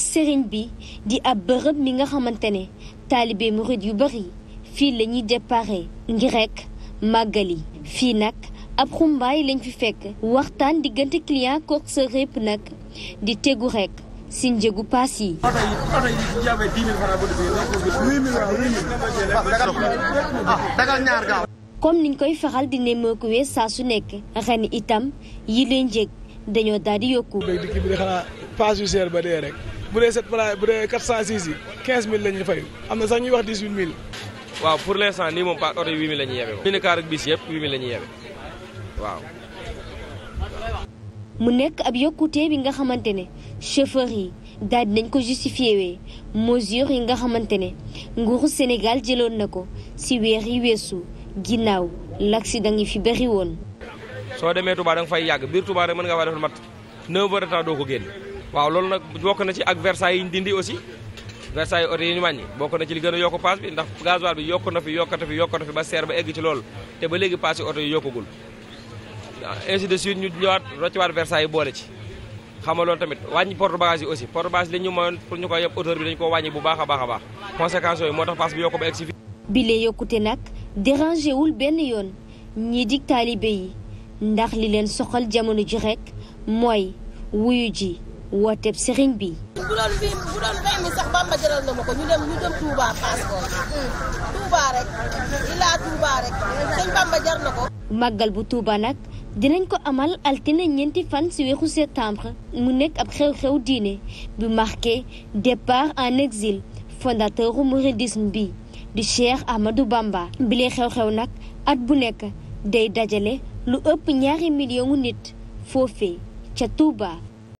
sëriñ bi di ab bërëb mi nga xamante ne taalibe yu bari fii lañuy ñuy déparé ngir rek màggali fii nag ab xumbaay lañ fi fekk waxtaan diggante client kook sa répp nag di tegu rek ci njëgu paas yi. comme niñ koy faral di nemmeekuwee saa su nekk ren itam yi leen njëg dañoo daldi di yokku. paas yu seer ba dee rek. bu dee sept malades bu dee quatre cent six yi quinze mille la fay am na sax ñuy wax dix huit waaw pour l' instant nii moom par oto yi huit mille la ñuy yebe moom. ak mu nekk ab yokkute bi nga xamante ne chauffeur yi daal di nañ ko justifié wee mesure yi nga xamante ne nguuru Sénégal jëloon na ko ci weer yi weesu ginnaaw l'accident yi fi bëri woon. soo demee Touba da nga fay yàgg biir Touba mën nga faa def mat 9 heures doo ko génn. waaw loolu nag bokk na ci ak Versailles yi ñu dindi aussi Versailles oto yi ñu wàññi bokk na ci li gën a yokk paas bi ndax gasoil bi yokk na fi yokkate fi yokkate fi ba seer ba egg ci loolu te ba léegi paas yi oto yi yokkagul ainsi de suite ñu ñëwaat rocciwaat Versailles ci xam nga loolu tamit wàññi porte bagage yi aussi porte bagage li ñu mayoon pour ñu ko yeb auteur bi dañu ko wàññi bu baax a a baax conséquences yooyu moo tax paas bi yokku yokkute nag dérangé benn yoon ñii dig taalibe yi ndax li leen soxal jamono ji rekk mooy wuyu ji wooteeb sëriñ bi. bu doon bu doon hmm. nag dinañ ko amal altine ñeenti fan ci weeru septembre mu nekk ab xew-xew diine bu marqué départ en exil fondateur u bi di Cheikh Ahmadou Bamba. bile xew-xew nag at bu nekk day dajale lu ëpp ñaari million nit foofee ca Touba.